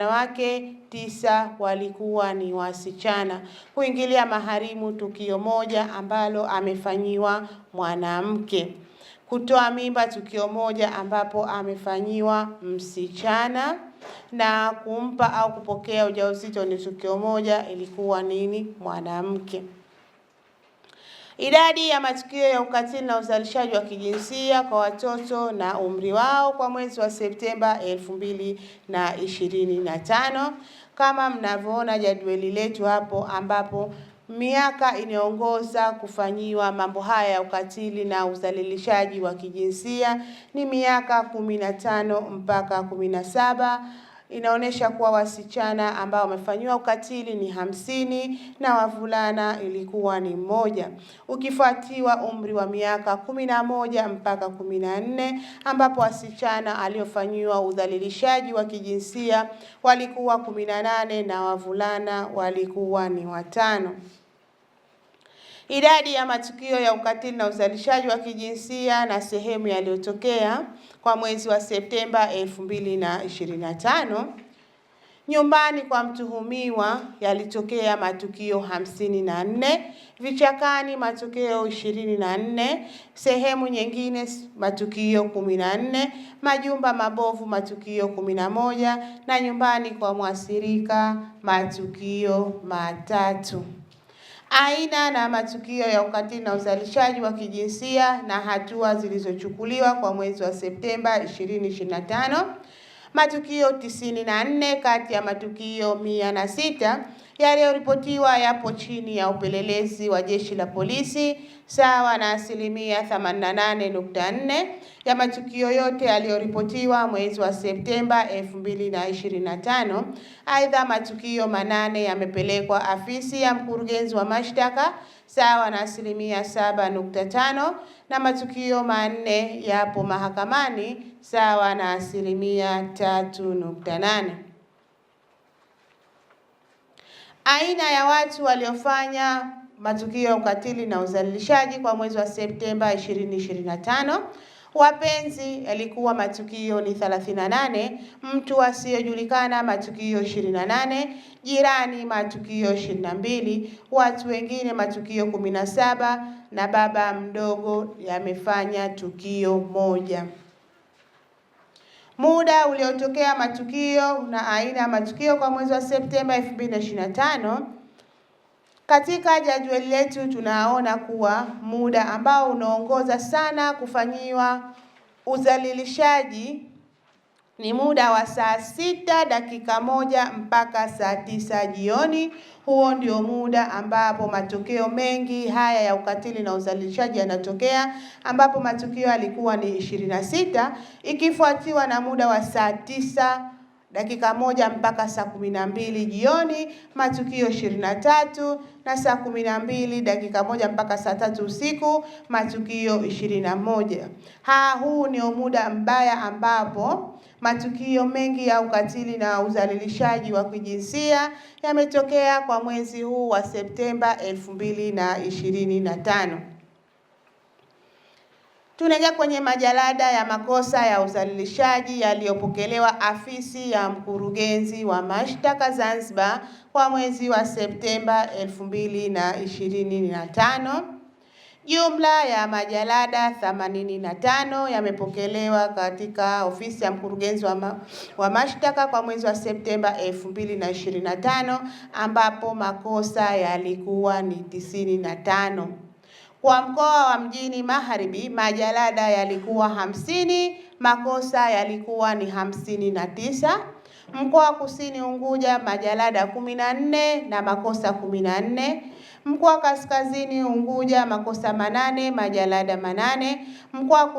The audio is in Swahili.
Wanawake tisa walikuwa ni wasichana kuingilia maharimu, tukio moja ambalo amefanyiwa mwanamke. Kutoa mimba, tukio moja ambapo amefanyiwa msichana, na kumpa au kupokea ujauzito ni tukio moja, ilikuwa nini mwanamke. Idadi ya matukio ya ukatili na udhalilishaji wa kijinsia kwa watoto na umri wao kwa mwezi wa Septemba 2025 kama mnavyoona jadwali letu hapo, ambapo miaka inayoongoza kufanyiwa mambo haya ya ukatili na udhalilishaji wa kijinsia ni miaka 15 mpaka 17 inaonyesha kuwa wasichana ambao wamefanyiwa ukatili ni hamsini na wavulana ilikuwa ni mmoja, ukifuatiwa umri wa miaka kumi na moja mpaka kumi na nne ambapo wasichana aliofanyiwa udhalilishaji wa kijinsia walikuwa kumi na nane na wavulana walikuwa ni watano idadi ya matukio ya ukatili na uzalishaji wa kijinsia na sehemu yaliyotokea kwa mwezi wa Septemba 2025. Nyumbani kwa mtuhumiwa yalitokea matukio 54, vichakani matukio 24, sehemu nyingine matukio 14, majumba mabovu matukio 11 na nyumbani kwa mwathirika matukio matatu aina na matukio ya ukatili na uzalishaji wa kijinsia na hatua zilizochukuliwa kwa mwezi wa Septemba 2025, matukio 94 kati ya matukio 106 yaliyoripotiwa yapo chini ya upelelezi wa jeshi la polisi sawa na asilimia 88.4 ya matukio yote yaliyoripotiwa mwezi wa Septemba 2025. Aidha, matukio manane yamepelekwa afisi ya mkurugenzi wa mashtaka sawa na asilimia 7.5 na matukio manne yapo mahakamani sawa na asilimia 3.8. Aina ya watu waliofanya matukio ya ukatili na udhalilishaji kwa mwezi wa Septemba 2025. Wapenzi, yalikuwa matukio ni 38, mtu asiyojulikana matukio 28, jirani matukio 22, watu wengine matukio 17 na baba mdogo yamefanya tukio moja muda uliotokea matukio na aina ya matukio kwa mwezi wa Septemba 2025. Katika jadwali letu tunaona kuwa muda ambao unaongoza sana kufanyiwa udhalilishaji ni muda wa saa sita dakika moja mpaka saa tisa jioni. Huo ndio muda ambapo matukio mengi haya ya ukatili na uzalishaji yanatokea, ambapo matukio yalikuwa ni 26 ikifuatiwa na muda wa saa tisa dakika moja mpaka saa kumi na mbili jioni matukio ishirini na tatu na saa kumi na mbili dakika moja mpaka saa tatu usiku matukio ishirini na moja Ha, huu ni muda mbaya ambapo matukio mengi ya ukatili na udhalilishaji wa kijinsia yametokea kwa mwezi huu wa Septemba elfu mbili na ishirini na tano tunaingia kwenye majalada ya makosa ya udhalilishaji yaliyopokelewa afisi ya mkurugenzi wa mashtaka Zanzibar kwa mwezi wa Septemba 2025. Jumla ya majalada 85 yamepokelewa katika ofisi ya mkurugenzi wa, ma wa mashtaka kwa mwezi wa Septemba 2025 ambapo makosa yalikuwa ni 95. Kwa mkoa wa Mjini Magharibi majalada yalikuwa hamsini, makosa yalikuwa ni hamsini na tisa. Mkoa wa Kusini Unguja majalada kumi na nne na makosa kumi na nne. Mkoa wa Kaskazini Unguja makosa manane majalada manane. Mkoa